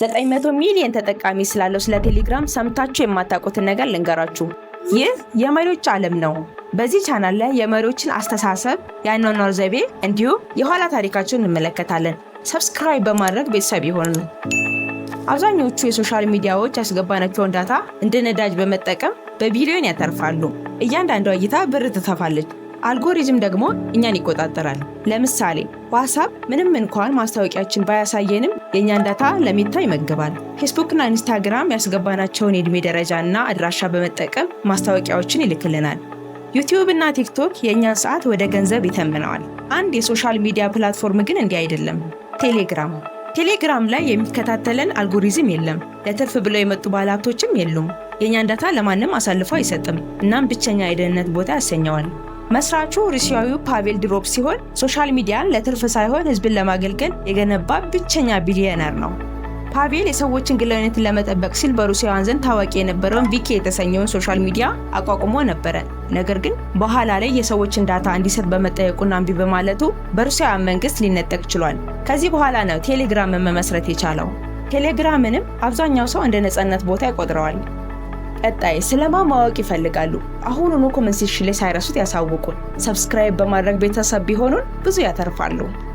900 ሚሊዮን ተጠቃሚ ስላለው ስለ ቴሌግራም ሰምታችሁ የማታውቁትን ነገር ልንገራችሁ። ይህ የመሪዎች ዓለም ነው። በዚህ ቻናል ላይ የመሪዎችን አስተሳሰብ፣ የአኗኗር ዘይቤ እንዲሁም የኋላ ታሪካቸውን እንመለከታለን። ሰብስክራይብ በማድረግ ቤተሰብ ይሆኑ። አብዛኞቹ የሶሻል ሚዲያዎች ያስገባናቸውን ዳታ እንደ ነዳጅ በመጠቀም በቢሊዮን ያተርፋሉ። እያንዳንዷ እይታ ብር ትተፋለች። አልጎሪዝም ደግሞ እኛን ይቆጣጠራል። ለምሳሌ ዋትሳፕ ምንም እንኳን ማስታወቂያችን ባያሳየንም የእኛን ዳታ ለሜታ ይመግባል። ፌስቡክና ኢንስታግራም ያስገባናቸውን የድሜ ደረጃ እና አድራሻ በመጠቀም ማስታወቂያዎችን ይልክልናል። ዩቲዩብ እና ቲክቶክ የእኛን ሰዓት ወደ ገንዘብ ይተምነዋል። አንድ የሶሻል ሚዲያ ፕላትፎርም ግን እንዲህ አይደለም። ቴሌግራም ቴሌግራም ላይ የሚከታተለን አልጎሪዝም የለም። ለትርፍ ብለው የመጡ ባለሀብቶችም የሉም። የእኛን ዳታ ለማንም አሳልፎ አይሰጥም። እናም ብቸኛ የደህንነት ቦታ ያሰኘዋል። መስራቹ ሩሲያዊው ፓቬል ድሮፕ ሲሆን ሶሻል ሚዲያን ለትርፍ ሳይሆን ህዝብን ለማገልገል የገነባ ብቸኛ ቢሊዮነር ነው። ፓቬል የሰዎችን ግላዊነትን ለመጠበቅ ሲል በሩሲያውያን ዘንድ ታዋቂ የነበረውን ቪኬ የተሰኘውን ሶሻል ሚዲያ አቋቁሞ ነበረ። ነገር ግን በኋላ ላይ የሰዎችን ዳታ እንዲሰጥ በመጠየቁና እምቢ በማለቱ በሩሲያውያን መንግስት ሊነጠቅ ችሏል። ከዚህ በኋላ ነው ቴሌግራምን መመስረት የቻለው። ቴሌግራምንም አብዛኛው ሰው እንደ ነጻነት ቦታ ይቆጥረዋል። ቀጣይ ስለማ ማወቅ ይፈልጋሉ? አሁኑኑ ኮመንት ሴክሽን ላይ ሳይረሱት ያሳውቁን። ሰብስክራይብ በማድረግ ቤተሰብ ቢሆኑን ብዙ ያተርፋሉ።